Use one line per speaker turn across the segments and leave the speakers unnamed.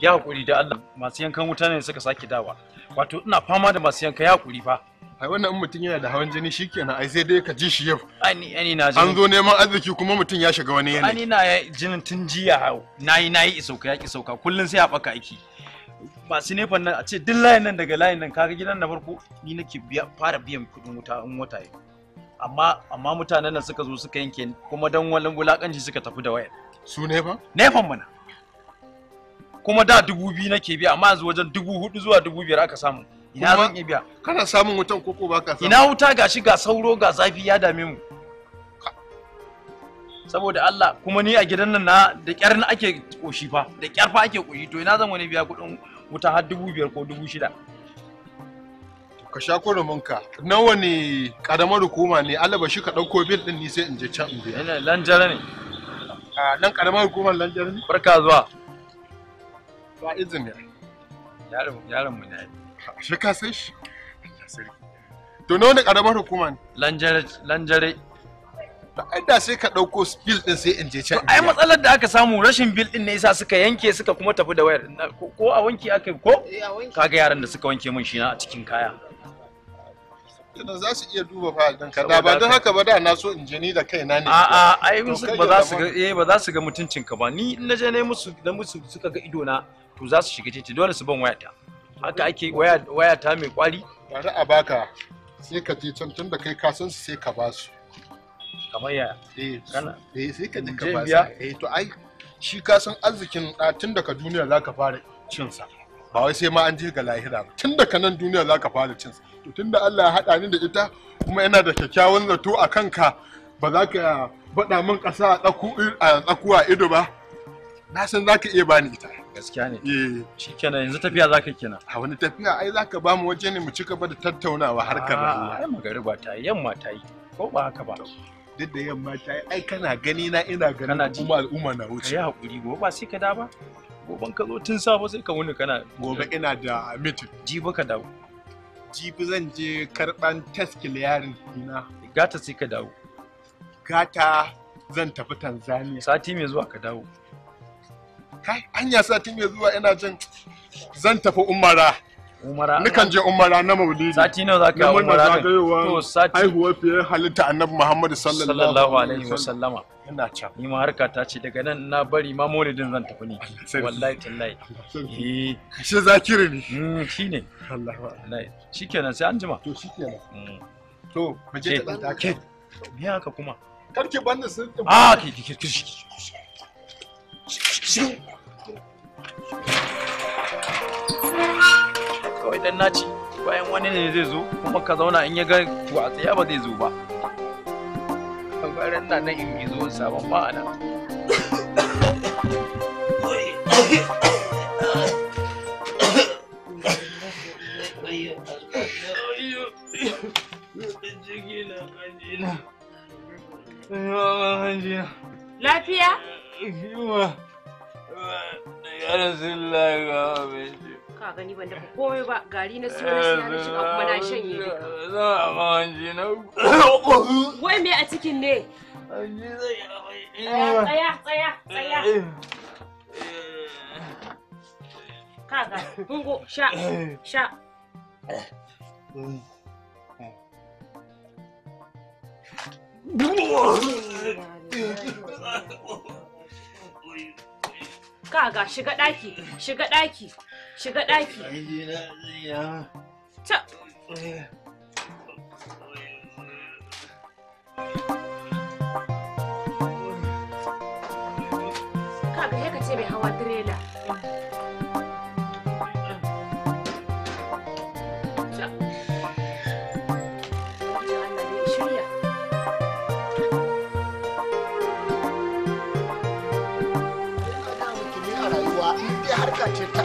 ya hakuri da Allah masu yankan wuta ne suka sake dawa wato ina
fama da masu yanka ya hakuri fa ai wannan in mutum yana da hawan jini shikenan ai sai dai ka ji shi yau ani ani na jini an zo neman arziki kuma mutum ya shiga wani yanayi ani na jinin tun jiya hau nayi
nayi isauka ya ki sauka kullun sai a baka aiki masu nefan nan a ce duk layin nan daga layin nan kaga gidan na farko ni nake fara biyan kuɗin wuta in wata yau amma amma mutanen nan suka zo suka yanke kuma dan walakanci suka tafi da wayar su nefa nefan mana kuma da dubu biyu nake biya amma yanzu wajen dubu hudu zuwa dubu biyar aka samu ina zan iya biya kana samun wutan koko ba ka samu ina wuta gashi ga sauro ga zafi ya dame mu saboda Allah kuma ni a gidan nan na da kyar na ake koshi
fa da kyar fa ake koshi to ina zan wani biya kudin wuta har dubu biyar ko dubu shida ka sha ka nawa ne karamar hukuma ne Allah ba shi ka ɗauko bil ɗin ni sai in je can in biya ina lanjara ne a nan karamar hukumar lanjara ne barka zuwa Ba izin ne. Yaron yaron mu ne. Shi ka sai shi. To nawa ne karamar hukuma ne? Lanjare lanjare. Ai da sai ka ɗauko bill ɗin sai in je can. Ai matsalar da aka samu rashin bill ɗin ne yasa
suka yanke suka kuma tafi da wayar. Ko a wanki aka ko? Eh, Kaga yaran da suka wanke min shi na a cikin kaya.
kenan za su iya duba fayil ka da ba don haka ba da na so in je ni da kaina ne a'a ai ba za su ga
eh ba za su ga mutuncin ka ba ni in na je ne musu da musu suka ga ido na to za su shiga titi dole su ban wayata haka ake
wayata mai kwari bari a baka sai ka je can tun da kai ka san su sai ka ba su kamar ya eh, eh sai ka je ka ba su eh to ai shi ka san arzikin da tun daga duniya za ka fara cin sa ba wai sai ma an je ga lahira ba. tun daga nan duniya za ka fara cin sa to tun da Allah ya hada ni da ita kuma yana da kyakkyawan zato a kanka ba za ka bada min ƙasa a tsakuwa ido ba na san za ka iya bani ita gaskiya ne eh. shi kenan yanzu tafiya za ka kenan a wani tafiya ai za ka ba mu waje ne mu ci gaba da tattaunawa harkar ah, rayuwa ai magariba ta yi yamma ta yi ko ba haka ba duk da yamma ta yi ai kana gani na ina ganin kuma al'umma na wuce kai hakuri gobe ba sai ka da ba goben ka zo tun safe sai ka wuni kana gobe ina da meeting jibi ka dawo jibi zan je karban test yarin dina gata sai ka dawo gata zan tafi Tanzania sati mai zuwa ka dawo kai hanya satin ya zuwa ina jin zan tafi umara umara nukan je umara na maulidi sati nawa zaka yi umara to sati haihuwar fiye halitta annabi muhammad sallallahu alaihi
ina ni ma harka ta ce daga nan na bari ma maulidin zan tafi ne wallahi tallahi eh shi zakiri
ne shine Allah wallahi
shikenan sai an jima to shikenan to mu je ta da ke haka kuma
karki banda sun ah
ki ki ki
kawai dan naci
bayan wani ne zai zo kuma ka zauna in ya ga wa tsaya ba zai zo ba kagaran na nan in zuwan sabon ma'ana
Lafiya?
ya rasulullah ga abinci
ka gani ban dafa komai ba gari na sirri na siya na shiga kuma na shanye duka
za
a ma hanji na
wai me a cikin ne hanji zai tsaya tsaya tsaya kaga mungo sha sha Oh, ka ga shiga ɗaki shiga ɗaki shiga ɗaki ka ga ka ce bai hawa direla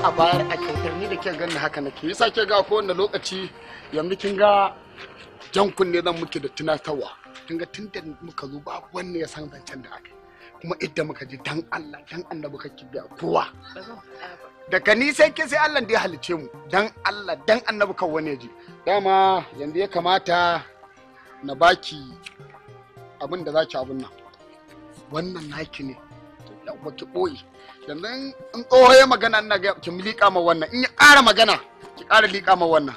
a bayar a kyautar ni da ke ganin haka ke yasa ke ga ko wanda lokaci yanzu kin ga jan kunne zan muke da tunatarwa kin ga tun da muka zo ba wanne ya san zancen da aka kuma idda muka ji dan Allah dan annabi kake biya kowa daga ni sai ke sai Allah da ya halice mu dan Allah dan annabi kan wani ji dama yanzu ya kamata na baki abin da zaki abin nan wannan naki ne ba ki ɓoye yanzu in tsoho magana ina ga ki liƙa ma wannan in ya ƙara magana ki ƙara liƙa ma wannan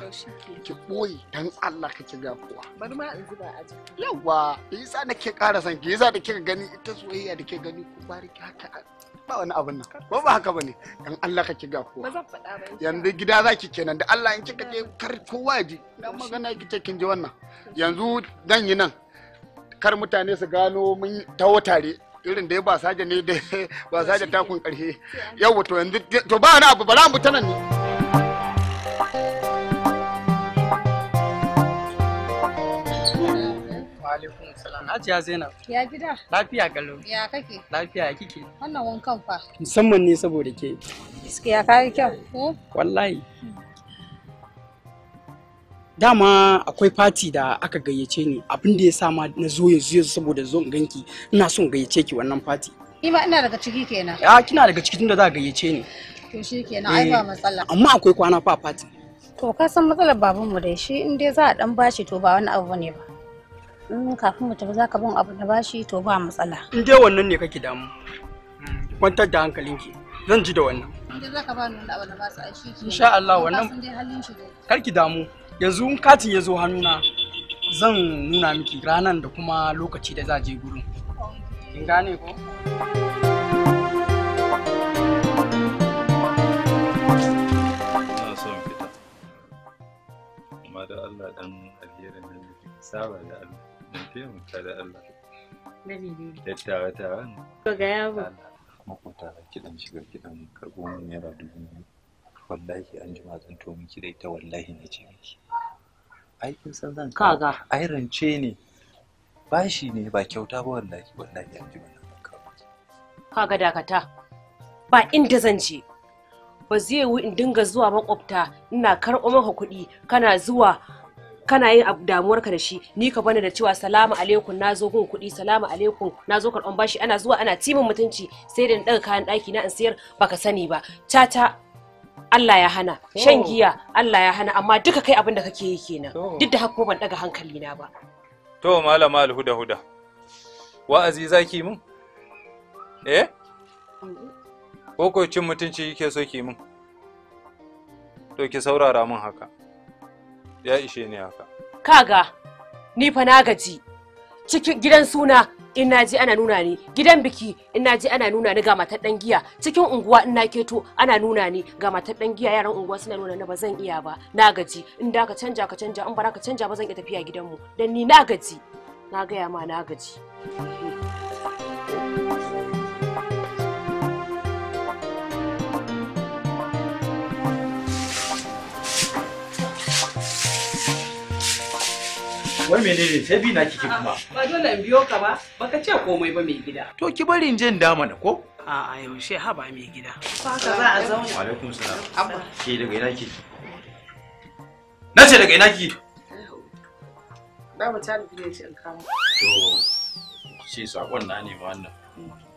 ki ɓoye dan Allah ka ki ga kowa bari
ma in zuba aji
yawa yasa nake ƙara san ki yasa da kika gani ita soyayya da kika gani ku bari ki haka ba wani abin nan ko ba haka bane dan Allah ka ki ga kowa ba zan faɗa ba yanzu gida zaki kenan da Allah in kika je kar kowa ji dan magana kike kin ji wannan yanzu dan yi nan kar mutane su gano mun tawo tare irin da ya ba saje ne da ba saje takun karhe yau to yanzu to ba na abu ba za mu ta nan ne
Ajiya zainab ya gida lafiya galo ya kake lafiya kike
wannan wankan fa
musamman ne saboda ke
ya kai kyau
wallahi hmm. dama akwai fati da aka gayyace ni abin da ya sa ma na zo yanzu yanzu saboda zo in ganki ina son gayyace ki wannan fati
ni ma ina daga ciki kenan
a ah, kina daga ciki tunda za ka
gayyace ni
to kenan ai ba eh, matsala amma akwai
kwana fa fati
to ka san matsalar babun mu dai shi in dai za a dan bashi to ba wani abu ne ba in kafin mu za ka bin abu da bashi to ba matsala
in dai wannan ne kake damu kwantar da hankalinki zan ji da wannan
in dai za ka ba ni wani abu da ba su a shi insha Allah wannan
ki damu yanzu in katin ya zo hannuna zan nuna miki ranar da kuma lokaci da za je gurin in gane ko
da Allah dan alheri ne saba da Allah dan taimaka da Allah dattawa tawa ne
to ga yabo
makota kidan shiga kidan karbo yara dubu wallahi an jima zan to miki dai ta wallahi na ce miki
ai kin san zan kaga
rance ne bashi ne ba kyauta ba wallahi wallahi an ji wannan kawo
kaga dakata ba inda zan je ba zai yiwu in dinga zuwa makwabta ina karɓo maka kuɗi kana zuwa kana yin abu damuwarka da shi ni ka bani da cewa salamu alaikum na zo gun kuɗi salamu alaikum na zo karɓan bashi ana zuwa ana timin mutunci sai da in ɗaga kayan ɗaki na in sayar baka sani ba tata Allah ya hana shan oh. giya Allah ya hana amma duka kai abin da kake yi kenan oh. duk da ko ban daga hankali na ba
to malama alhuda huda wa'azi zaki mun eh ko cin mutunci yake so ki mun to ki saurara mun haka ya ishe ni haka
kaga ni fa na gaji cikin gidan suna in na ana nuna ni gidan biki in na ana nuna ni ga matar dan giya cikin unguwa in na keto ana nuna ni ga matar dan giya yaran unguwa suna nuna ni ba zan iya ba na gaji in da ka canja ka canja in ba ka canja ba zan iya tafiya gidanmu dan ni na gaji na gaya ma na gaji
Wai menene sai bi na kike kuma?
Ba dole in biyo ka ba, baka ce komai ba mai gida. To ki bari in je in dama na ko? A'a yaushe b'a mai gida. ka za a zauna. Wa alaikum salam. Abba.
Ke daga ina ki? Na ce daga ina ki?
Babu talibi ne ce in kama.
To shi sakon na ne wannan.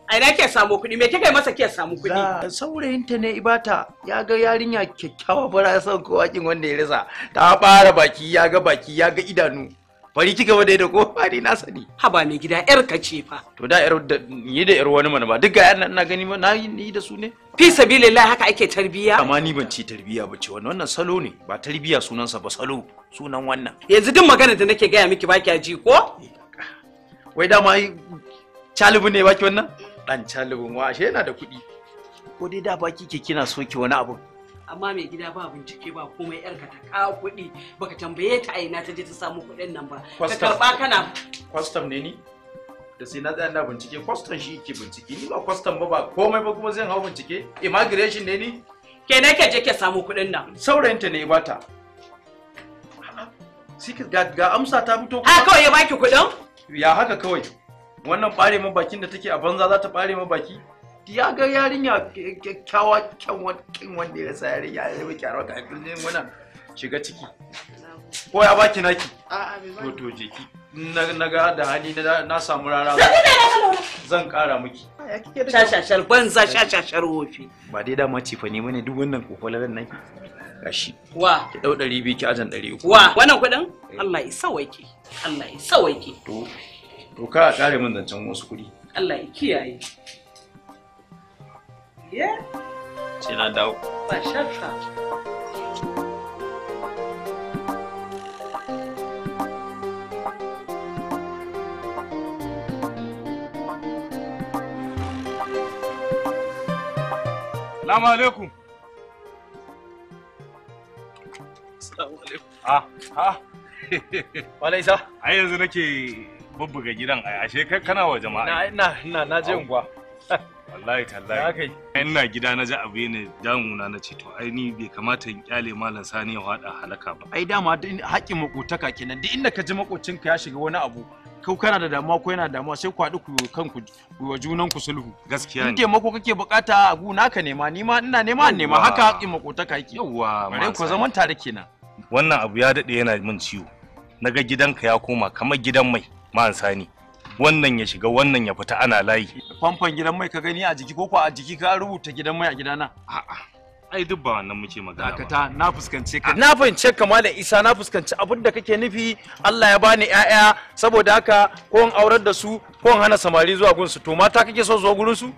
a ina ke samu kuɗi me kika masa ke samu kuɗi
saurayinta ne ibata ya ga yarinya kyakkyawa bara ya san kowa kin wanda ya rasa ta fara baki ya ga baki ya ga idanu bari ki gaba da ko Bari na sani haba mai gida yar ka ce fa to da yar ni da yar wani mana ba duk ga yan na gani ma na yi da su ne fi sabilillah haka ake tarbiya amma ni ban ci tarbiya ba ce wannan wannan salo ne ba tarbiya sunansa ba salo sunan wannan yanzu duk magana da nake gaya miki baki ji ko wai dama calibin ne baki wannan dan calibin wa ashe yana da kuɗi ko dai da baki ke kina soki wani abu
amma mai gida ba bincike ba komai yarka ta kawo kuɗi baka tambaye ta a ina ta je ta samu kuɗin nan ba ka karba kana
kwastam ne ni da sai na tsaya na bincike kwastam shi ke bincike ni ba kwastam ba ba komai ba kuma zan hau bincike immigration ne ni kenan ke je ke samu kuɗin nan saurayinta ne bata ga, ga amsa ta fito ha kawai ya baki kuɗin ya haka kawai wannan ɓare mabakin bakin da take a banza za ta ɓare ma baki ya ga yarinya kyakkyawa kyan wanda ya sa yarinya ya zama kyara ta haifin ne wannan shiga ciki ko ya baki naki to to jiki na ga da hali na samu rara zan kara miki shashashar banza shashashar wofi ba dai dama cifa ne mana duk wannan kokolaran naki gashi wa ki dau 200 ki ajan uku
wa wannan kudin Allah ya sawaike Allah ya sawaike
to to ka kare
min zancen wasu kuɗi.
Allah ya kiyaye Yeah. Sai na dawo. Ba shakka. Salamu
alaikum.
Salamu alaikum.
Ah, ah. Wala isa. Ai yanzu nake bubbuga gidan ashe kai kana wa jama'a. Na ina ina na je unguwa. wallahi tallahi na gida na ji abu ne damuna na ce to ai ni bai kamata in kyale malam sani ya hada halaka ba
ai dama haƙƙin makotaka kenan duk inda ka ji makocinka ya shiga wani abu kau kana da damuwa ko yana damuwa sai ku haɗu ku kanku ku wa junan ku sulhu gaskiya ne taimako kake bukata a gu naka nema ni ma ina nema nema haka haƙƙin makotaka yake yawa bare ku zaman tare kenan
wannan abu ya dade yana min ciwo na ga gidanka ya koma kamar gidan mai man sani wannan ya shiga wannan ya fita ana layi
famfan gidan mai ka gani a jiki ko a jiki ka rubuta gidan mai a gidana a'a ai duk ba wannan muke magana
dakata na fuskance ka na fahimce
ka malam isa na fuskanci abin da kake nufi Allah ya bani ƴaƴa saboda haka ko in aurar da su ko in hana samari zuwa gun su to mata kake so zuwa gurin su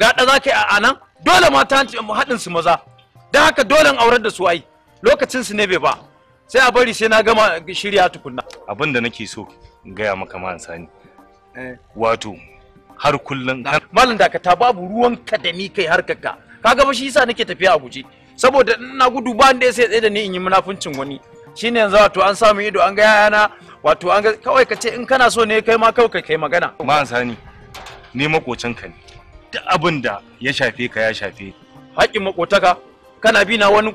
ga da zaka yi a nan dole mata haɗin su maza dan haka dole aurar da su ai lokacin su ne bai ba sai a bari sai na gama shirya tukunna
abin da nake so in gaya maka man
sani wato har kullun malam dakata babu ruwan ka da ni kai kaka kaga ba shi yasa nake tafiya a guje saboda ina gudu ba inda sai tsaye da ni in yi munafuncin wani shine yanzu wato an samu ido an ga yayana wato an ga kawai ka ce in kana so ne kai ma kawai kai magana
ma sani ni makocin ka ne duk abin da ya shafe ka ya shafe
haƙin makotaka kana bi na wani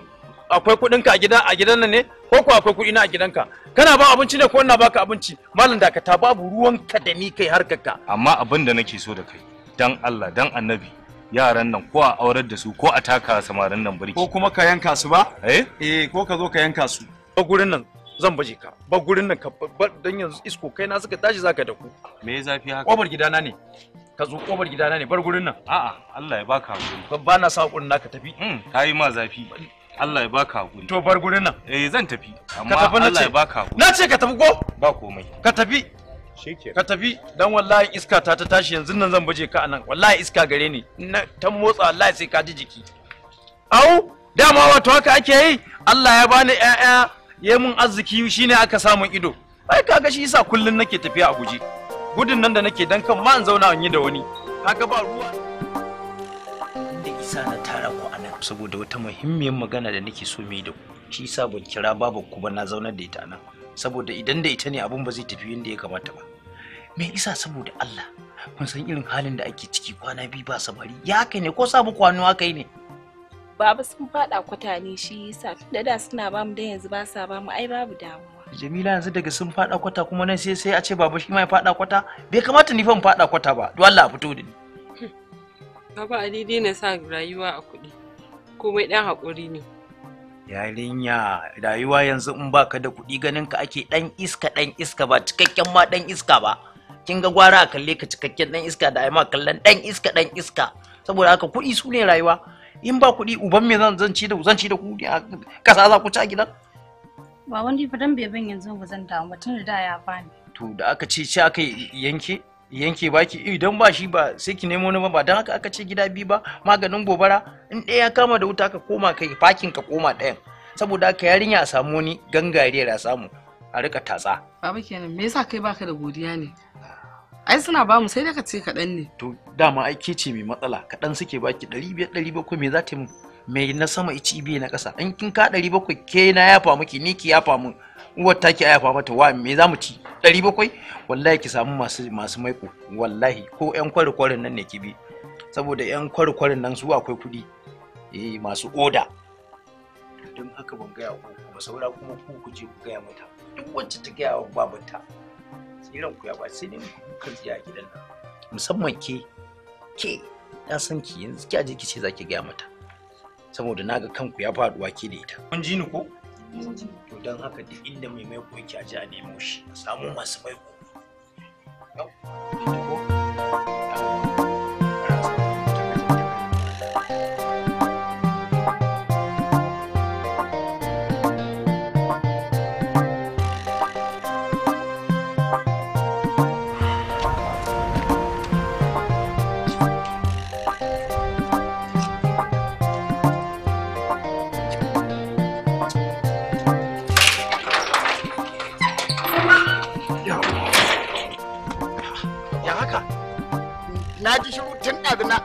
akwai kuɗin ka a gidan a gidan nan ne ko ko akwai kuɗi na a gidanka kana ba abinci ne ko ina baka abinci malam dakata babu ruwan ka da ni kai harkar ka amma
abin da nake so da kai dan Allah dan annabi yaran nan ko a aurar da su
ko a taka samarin nan birki ko kuma ka yanka su ba eh eh ko ka zo ka yanka su ba gurin nan zan baje ka ba gurin nan ka dan yanzu isko kai na suka tashi zaka da ku me zafi haka kobar gidana ne ka zo kobar gidana ne bar gurin nan a'a Allah ya baka hakuri ba na sa na ka tafi mm, ka yi ma zafi Allah ya baka hakuri.
To bar gurin nan. Eh zan tafi. Amma Allah ya baka hakuri. Na
ce ka tafi ko? Ba komai. Ka tafi. Shikenan. Ka tafi dan wallahi iska ta ta tashi yanzu nan zan baje ka anan. Wallahi iska gare ni. Na ta motsa wallahi sai ka ji jiki. Au dama wato haka ake yi. Allah ya bani ƴaƴa ya mun arziki shine aka samun ido. Ai kaga shi yasa kullun nake tafiya a guje. Gudun nan da nake dan kan ma in zauna in yi da wani. Kaga ba ruwa. sa na tara ku a nan saboda wata muhimmiyar magana da nake so mu yi da ku shi sa ban kira babar ku ba na zaunar da ita nan saboda idan da ita ne abin ba zai tafi yadda ya kamata ba me isa saboda Allah kun san irin halin da ake ciki kwana biyu ba samari ya kai ne ko sabu kwano yi ne
baba sun fada kwatane shi yasa da da suna ba mu da yanzu ba sa ba mu ai babu damuwa
Jamila yanzu daga sun fada kwata kuma nan sai sai a ce baba shi ma ya fada kwata bai kamata ni fa in fada kwata ba to Allah a fito da ni
Baba Ali dai na sa rayuwa a kuɗi, komai ɗan haƙuri ne.
Yarinya, rayuwa yanzu in baka da kuɗi ganin ka ake ɗan iska ɗan iska ba cikakken ma ɗan iska ba. Kin ga gwara a kalle ka cikakken ɗan iska da ai ma kallon ɗan iska ɗan iska. Saboda haka kuɗi su ne rayuwa. In ba kuɗi uban me zan zanci da zanci da kuɗi a kasa za ku ci a gidan.
Ba wani fadan bai ban yanzu ba zan damu tun da ya bani.
To da aka ce shi aka yanke yanke baki idan eh, ba shi ba sai ki nemo ba ba don haka aka ce gida biyu ba maganin gobara in ɗaya ya kama da wuta ka koma kai fakin ka koma ɗayan saboda haka yarinya a samu wani gangariyar a samu a rika tatsa
baba kenan me yasa kai baka da godiya ne ai suna ba mu sai
da ka ce kaɗan ne to dama ai ke ce mai matsala kaɗan suke baki ɗari biyar ɗari bakwai me za ta yi mai na sama ici biyu na ƙasa in kin ka ɗari bakwai ke na yafa miki ni ki yafa mun uwar ta ki mata wa me za mu ci ɗari bakwai wallahi ki samu masu masu maiko wallahi ko yan kwarikwarin nan ne ki bi saboda yan kwarikwarin nan su akwai kuɗi eh masu oda don haka ban gaya ku kuma saura kuma ku ku je ku gaya mata duk wacce ta gaya wa babanta tsiran ku ya ba sai ne ku a gidan nan musamman ke ke ya san ki yanzu ki aje ki ce za ki gaya mata saboda naga kanku ya faɗuwa ke da ita kun ji ni ko to don haka duk inda mai maiko yake aje a nemo shi a samu hmm. masu maiko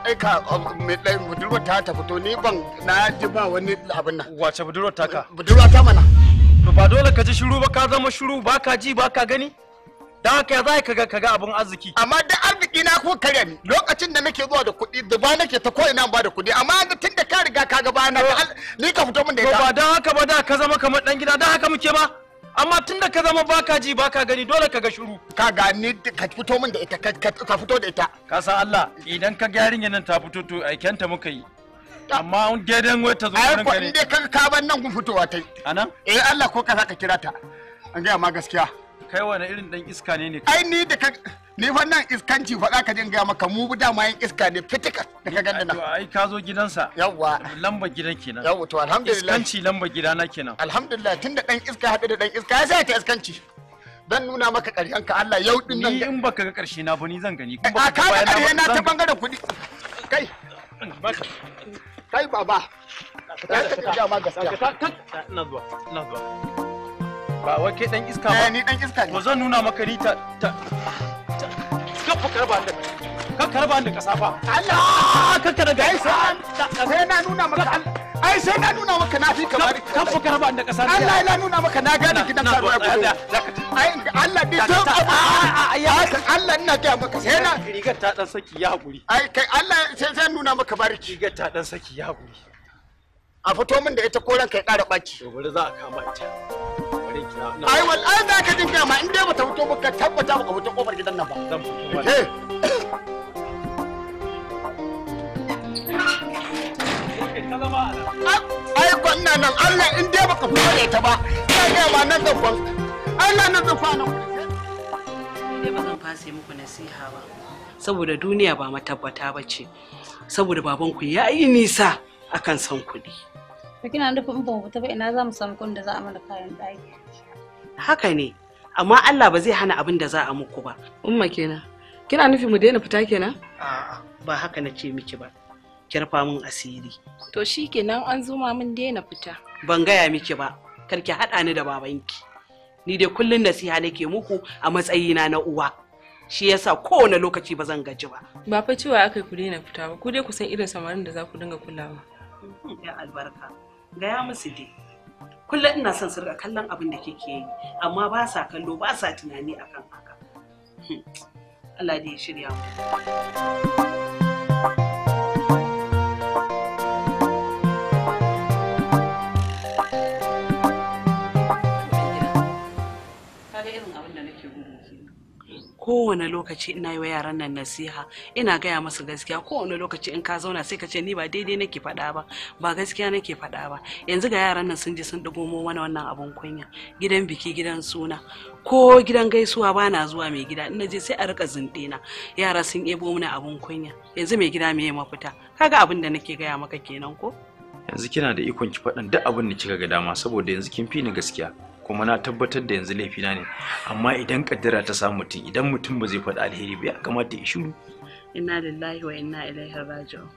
aika mai um, budurwar ta ta fito ni ban na ji ba wani abin nan wace budurwar ta ka budurwar ta mana to ba dole ka ji shiru ba ka zama shiru ba ka ji ba ka gani Dan haka ya zai ka ga kaga abin arziki amma da arziki na ko kare ni lokacin da nake zuwa da kuɗi da ba nake ta ko ina ba da kuɗi amma da tun da ka riga ka ga ba na ni ka fito min da ita ba dan haka ba da ka zama kamar dan gida dan haka muke ba amma tun da ka zama baka ji baka gani dole ka ga shiru ka gani ka fito min da ita ka fito da ita ka san Allah idan ka ga
yarinya nan ta fito to kenta muka yi
amma un gedan
wai ta zo wurin kare ai
ko ka ka ban nan kun fitowa tai anan eh Allah ko ka saka kira ta an ga ma gaskiya
kai wani irin dan iska ne ne
ai ni da ka ni fa nan iskanci fa za ka jin gaya maka mu dama yin iska ne fitika da ka ganda nan ai ka zo gidansa yawwa lamba gidan kenan yawwa to alhamdulillah iskanci lamba gidana kenan alhamdulillah tunda dan iska hade da dan iska ya sai ta iskanci dan nuna maka ƙarshen ka Allah yau din nan ni
in baka ga ƙarshe na ba ni zan gani kuma ka ga ƙarshe na ta bangaren kuɗi kai kai baba ba wai kai dan iska eh, ba ni dan iska ne to zan nuna maka ni ta kakka raba da kakka raba da kasa fa
Allah kakka da gaisa sai na nuna maka ai sai na nuna maka na kamar kan fa karba da kasa Allah ya nuna maka na gane gidan ka ruwa ai Allah bi to Allah ina ga maka sai na rigar ta dan saki ya hakuri ai kai Allah sai sai nuna maka bariki rigar ta dan saki ya hakuri a fito min da ita koran kai ƙara ɓaci. za a
kama ai
wal ai za ka jin dama in dai bata fito ba ka tabbata ba ka fito kofar gidan nan ba zan fito eh. ai gwanna nan Allah in dai baka fito da ita ba ka ga ma nan zan kwan Allah nan zan kwana
dai ba zan fasa muku nasiha ba saboda duniya ba matabbata ba ce saboda babanku ya yi nisa akan san kuɗi.
to kina nufin in ba mu fita ina za mu samu kun da za a mana kayan ɗaki
haka ne amma Allah ba zai hana abin da za a muku ba umma kenan kina nufi mu daina fita kenan a'a ba haka na ce miki ba kirfa mun asiri
to shikenan an zuma mun daina fita
ban gaya miki ba kar ki haɗa ni da babanki ni dai kullun nasiha nake muku a matsayina na uwa shi yasa kowane lokaci ba zan gaji ba ba fa cewa aka ku daina fita ba ku dai ku san irin samarin da za ku dinga kulawa uhm, ya albarka gaya musu dai kullum ina son su kallon abin da kike yi amma ba sa kallo ba sa tunani akan haka hmm. Allah da ya shirya mu kowane lokaci ina yi wa yaran nan nasiha ina gaya masu gaskiya kowane lokaci in ka zauna sai ka ce ni ba daidai nake faɗa ba ba gaskiya nake faɗa ba yanzu ga yaran nan sun ji sun ɗigo mana wannan abun kunya gidan biki gidan suna ko gidan gaisuwa ba na zuwa mai gida ina je sai a rika na yara sun ebo mana abun kunya yanzu mai gida me ya mafita kaga abin da nake gaya maka kenan ko
yanzu kina da ikon ki duk abin da kika ga dama saboda yanzu kin fi ni gaskiya kuma na tabbatar da yanzu laifina ne amma idan kaddara ta samu mutum idan mutum ba zai faɗi alheri ba ya kamata ya shiru
inna lillahi wa inna ilaihi raji'un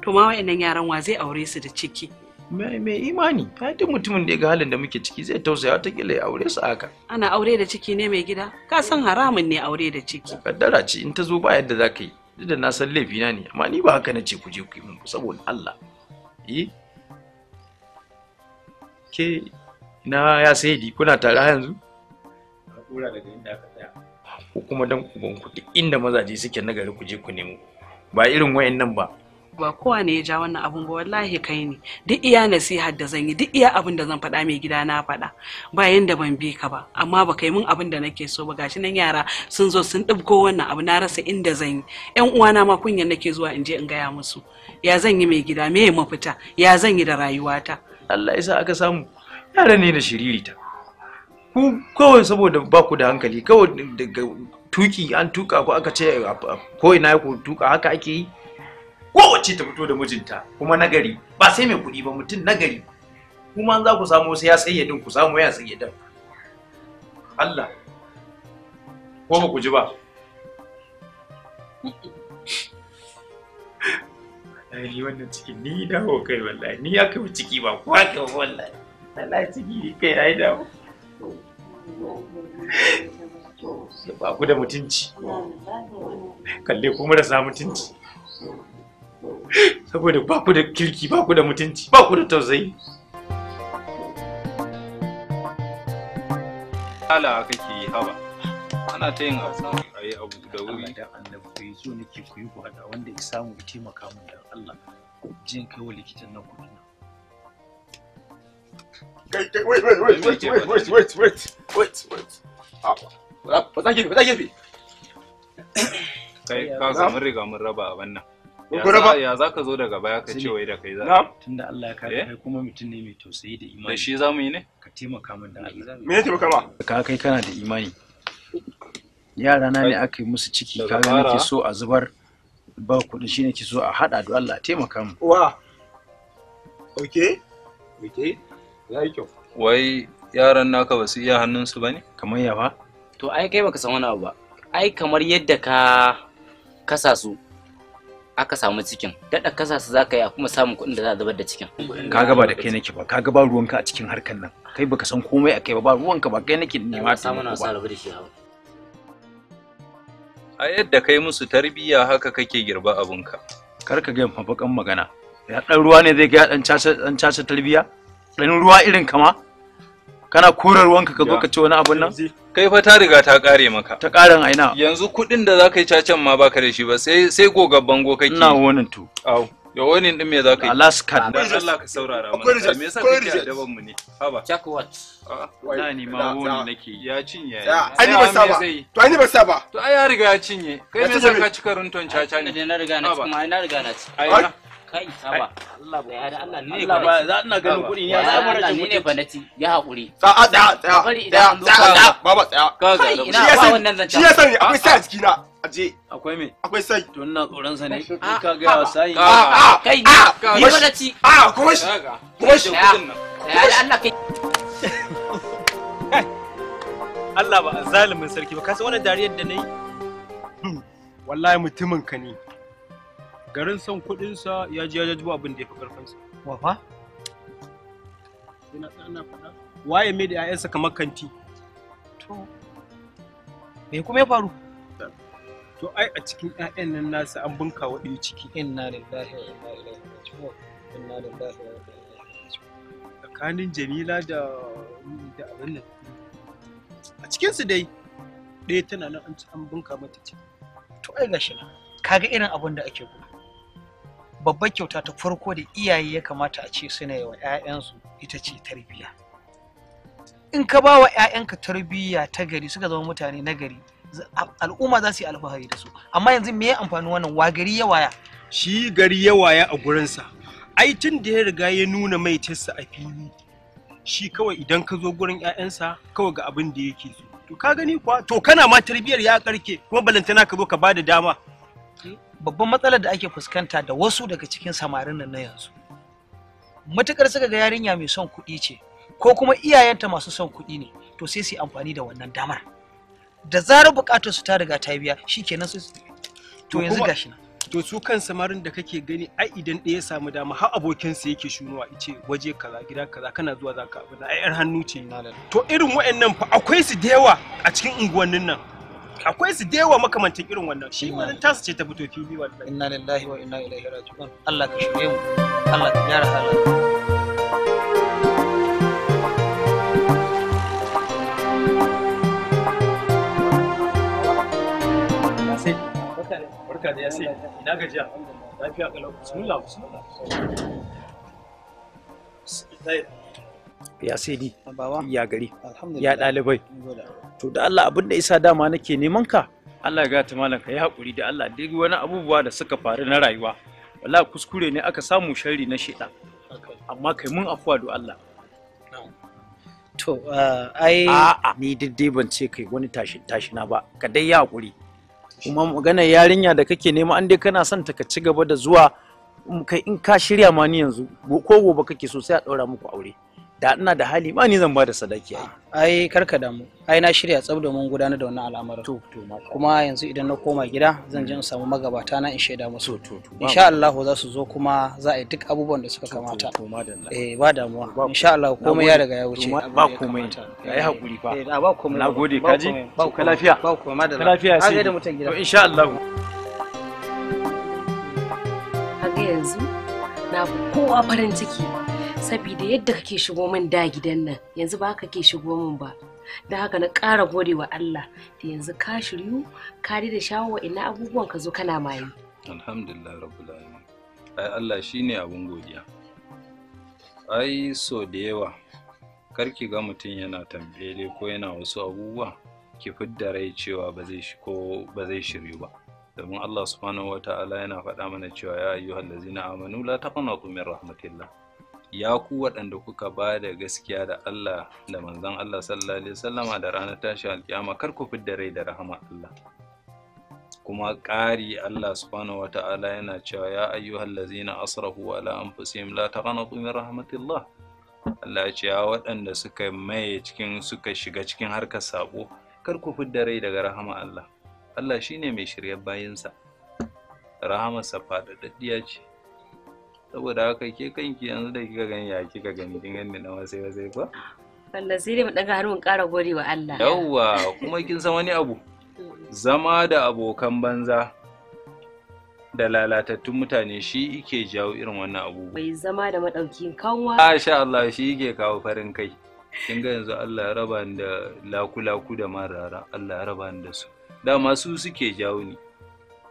to ma wa'annan yaran wa zai aure su da ciki mai imani ka duk mutumin da ya ga halin da muke ciki zai tausaya watakila ya aure su haka
ana aure da ciki ne mai gida ka san haramun ne aure da ciki kaddara
ce in ta zo ba yadda za ka yi duk da na san laifina ne amma ni ba haka na ce ku je ku yi mun saboda Allah eh ke Ina ya sayidi kuna tare yanzu?
Ka kura daga inda aka tsaya.
Ko kuma dan uban kuɗi inda mazaje suke na gari ku je ku nemo. Ba irin wayan nan ba.
Ba kowa ne ya ja wannan abun ba wallahi kai ne. Duk iya nasihar da zan yi, duk iya abin da zan faɗa mai gida na faɗa. Ba yanda ban bi ka ba, amma ba kai mun abin da nake so ba gashi nan yara sun zo sun ɗibko wannan abu na rasa inda zan yi. Ƴan uwana ma kunya nake zuwa in je in gaya musu. Ya zan yi mai gida, me ya mafita, ya zan yi da rayuwata. Allah ya sa aka samu. yaran ne da shiririta
ku kawai saboda ba ku da hankali kawai daga tuki an tuka ku aka ce ko ina ku tuka haka ake yi kowace ta fito da mijinta kuma nagari ba sai mai kuɗi ba mutum nagari kuma za ku samu sai ya sayyadin ku samu ya sayyadin Allah ko ba ku ji ba ni wannan ciki ni dawo kai wallahi ni ya kai ciki ba ko kai wallahi Allah ciki kai
ba ku da mutunci. Kalle mutunci. Saboda ba ku da
kirki, ba ku da mutunci, ba ku da tausayi.
kake yi haba. Ana ta yin abu a abu da wuri. Da annabi ku yi zo
nake ku yi wanda ya samu ya taimaka mun da Allah. Jin kai
likitan nan Kai kai wait wait wait wait wait wait wait wait wait wait. Ah, fata
Kai ka samu riga mun raba a wannan. Ya za ka zo daga baya ka ce wai da kai za.
Tunda Allah ya kare eh? kai kuma mutum ne mai tausayi da imani. Da
shi za mu yi ne? Ka taimaka min da Allah. Me ne taimaka ma?
Ka kai kana da imani. Yara na ne aka yi musu ciki kaga nake so a zubar ba kuɗi shi ke so a haɗa da Allah taimaka mu.
Wa. Okay. Okay. ya yi kyau wai yaran naka ba su iya hannunsu ba ne kamar yawa to ai kai baka san wani abu ba ai kamar yadda ka
kasa su aka samu cikin daɗa kasa su za ka yi a kuma samun
kuɗin da za a zubar da cikin Ka gaba da kai
nake ba ka gaba ruwanka a cikin harkar nan kai baka san komai a kai ba ruwanka ba kai nake nema ta mana sa rabu da
shi a yadda kai musu tarbiyya haka kake girba abunka
kar ka ga mafakan magana ya ɗan ruwa ne zai ga ɗan caca casa tarbiyya ɗan ruwa irin kama kana korar ruwanka ka zo ka ci wani abun nan
kai fa ta riga ta kare maka ta karin aina yanzu kuɗin da zaka yi cacen ma baka da shi ba sai sai gogabban bango kake ina wonin to au ya wonin din me zaka yi alaska dan Allah ka saurara mu me yasa kake da mu ne haba what na ni ma wonin nake ya cinye ani ba ba to ani ba sa ba. to ai ya riga ya cinye kai me zaka ka ci karunton caca ne na riga na ci kuma ai na riga na ci ai kai saba Allah ba da Allah ne ne za mu rage
mutunci ne a ba kuma shi kuma
Allah kai
Allah ba zalimin sarki ba ka san wannan dariyar da nayi hmm. wallahi mutumin ka ne garin son sa ya ji ya ji abin da ya fi wa fa Ina tsana fada Waye mai da sa kamar kanti. To, me kuma ya faru? To ai a cikin 'ya'yan nan nasa an bunka wa ɗaya ciki. Inna lillahi
wa inna ilaihi raji'un. Inna lillahi wa inna ilaihi raji'un.
Tsakanin Jamila da da abin nan. A cikinsu dai ɗaya tana nan an bunka mata ciki. To ai gashi na. kaga irin abin da ake gudu babbar kyauta ta farko da
iyaye ya kamata a ce suna yi wa 'ya'yansu ita ce tarbiyya in ka ba wa 'ya'yanka tarbiyya ta gari suka zama mutane na gari al'umma za su yi alfahari da
su amma yanzu me ya amfani wannan wa gari ya waya shi gari ya waya a gurinsa ai tun da ya riga ya nuna mai tassa a fili shi kawai idan ka zo gurin 'ya'yansa kawai ga abin da yake so to ka gani kuwa to kana ma tarbiyyar ya karke kuma balantana ka zo ka ba da dama babban matsalar da ake fuskanta da wasu daga cikin samarin nan na yanzu matukar suka ga yarinya mai son kuɗi ce ko kuma iyayenta masu son kuɗi ne to sai su yi amfani da wannan damar da zarar buƙatar su ta riga ta biya shikenan su
to yanzu gashi nan
to su kan samarin da kake gani ai idan ɗaya ya samu dama har abokinsa yake shunuwa ice waje kaza gida kaza kana zuwa zaka abu da ai yar hannu ce to irin wa'annan fa akwai su da yawa a cikin unguwannin nan akwai su dewa makamantan irin wannan shi wani tasu ce ta fito fili wannan? inna lillahi wa inna ilaihi raji'un Allah ka shige mu
Allah ka gyara halin
barka da ya sai ina gajiya lafiya kalau bismillah bismillah ya sedi ya gari ya ɗalibai to da Allah abin da isa dama nake neman ka Allah ya gata malam ka ya haƙuri da Allah duk wani abubuwa da suka faru na rayuwa wallahi kuskure ne aka samu sharri na sheda amma kai mun afuwa do Allah
to uh,
ai ni dai ban ce kai wani tashi tashi na ba ka dai ya haƙuri kuma maganar yarinya da kake nema an dai kana son ta ka ci gaba da zuwa kai in ka shirya ma ni yanzu ko gobe kake so sai a ɗaura muku aure da ina da hali ma ni zan ba da sadaki ai ai karka damu ai na shirya tsab domin gudanar da wannan al'amarin to to kuma yanzu idan na koma gida
zan je in samu magabata na in shaida musu to to insha Allah za su zo kuma za a yi duk abubuwan da suka kamata to madalla eh ba damuwa insha Allah komai ya riga ya wuce ba komai yayi eh, hakuri fa eh ba komai nagode kaji ka lafiya ba ku madalla lafiya sai da mutan gida to insha
Allah kaga yanzu na kowa farin ciki saboda yadda kake shigo min da gidan nan yanzu ba ka ke shigo min ba da haka na ƙara gode wa Allah da yanzu ka shiryu ka da shawo ina abubuwan ka zo kana maye
alhamdulillah rabbul alamin ai Allah shine abun godiya ai so da yawa kar ki ga mutum yana tambele ko yana wasu abubuwa ki fidda rai cewa ba zai ko ba zai shiryu ba domin Allah subhanahu wataala yana faɗa mana cewa ya ayyuhallazina amanu la taqnatu min rahmatillah ya ku waɗanda kuka ba da gaskiya da Allah da manzon Allah sallallahu alaihi wasallama da ranar tashi alkiyama kar ku fidda rai da rahama Allah kuma ƙari Allah subhanahu wata'ala yana cewa ya ayyuhal ladzina asrafu ala anfusihim la taqnatu min rahmatillah Allah ya ce ya waɗanda suka maye cikin suka shiga cikin harkar sabo kar ku fidda rai daga rahama Allah Allah shine mai shiryar bayinsa sa faɗaɗɗiya ce saboda haka ke kanki yanzu da kika gani ya kika gani kin gani na wasai wasai ba
wanda sai dai mu har mun ƙara gori wa Allah yawwa
kuma kin san wani abu zama da abokan banza da lalatattun mutane shi ike jawo irin wannan abu
bai zama da madaukin kanwa a ah,
sha Allah shi yake kawo farin kai kin ga yanzu Allah ya raba ni da laku-laku da marara Allah ya raba ni da su dama su suke jawo ni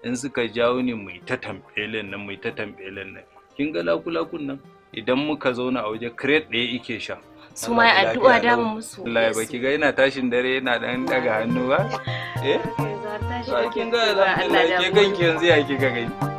in suka jawo ni mai ta tambayelen nan mai ta tambayelen nan kin ga lakulakun nan idan muka zauna a waje crate ɗaya ike sha
su mai addu'a da musu Allah ya
baki ga yana tashin dare ina dan daga hannu ba eh kin ga Allah ya kanki yanzu ya kika gani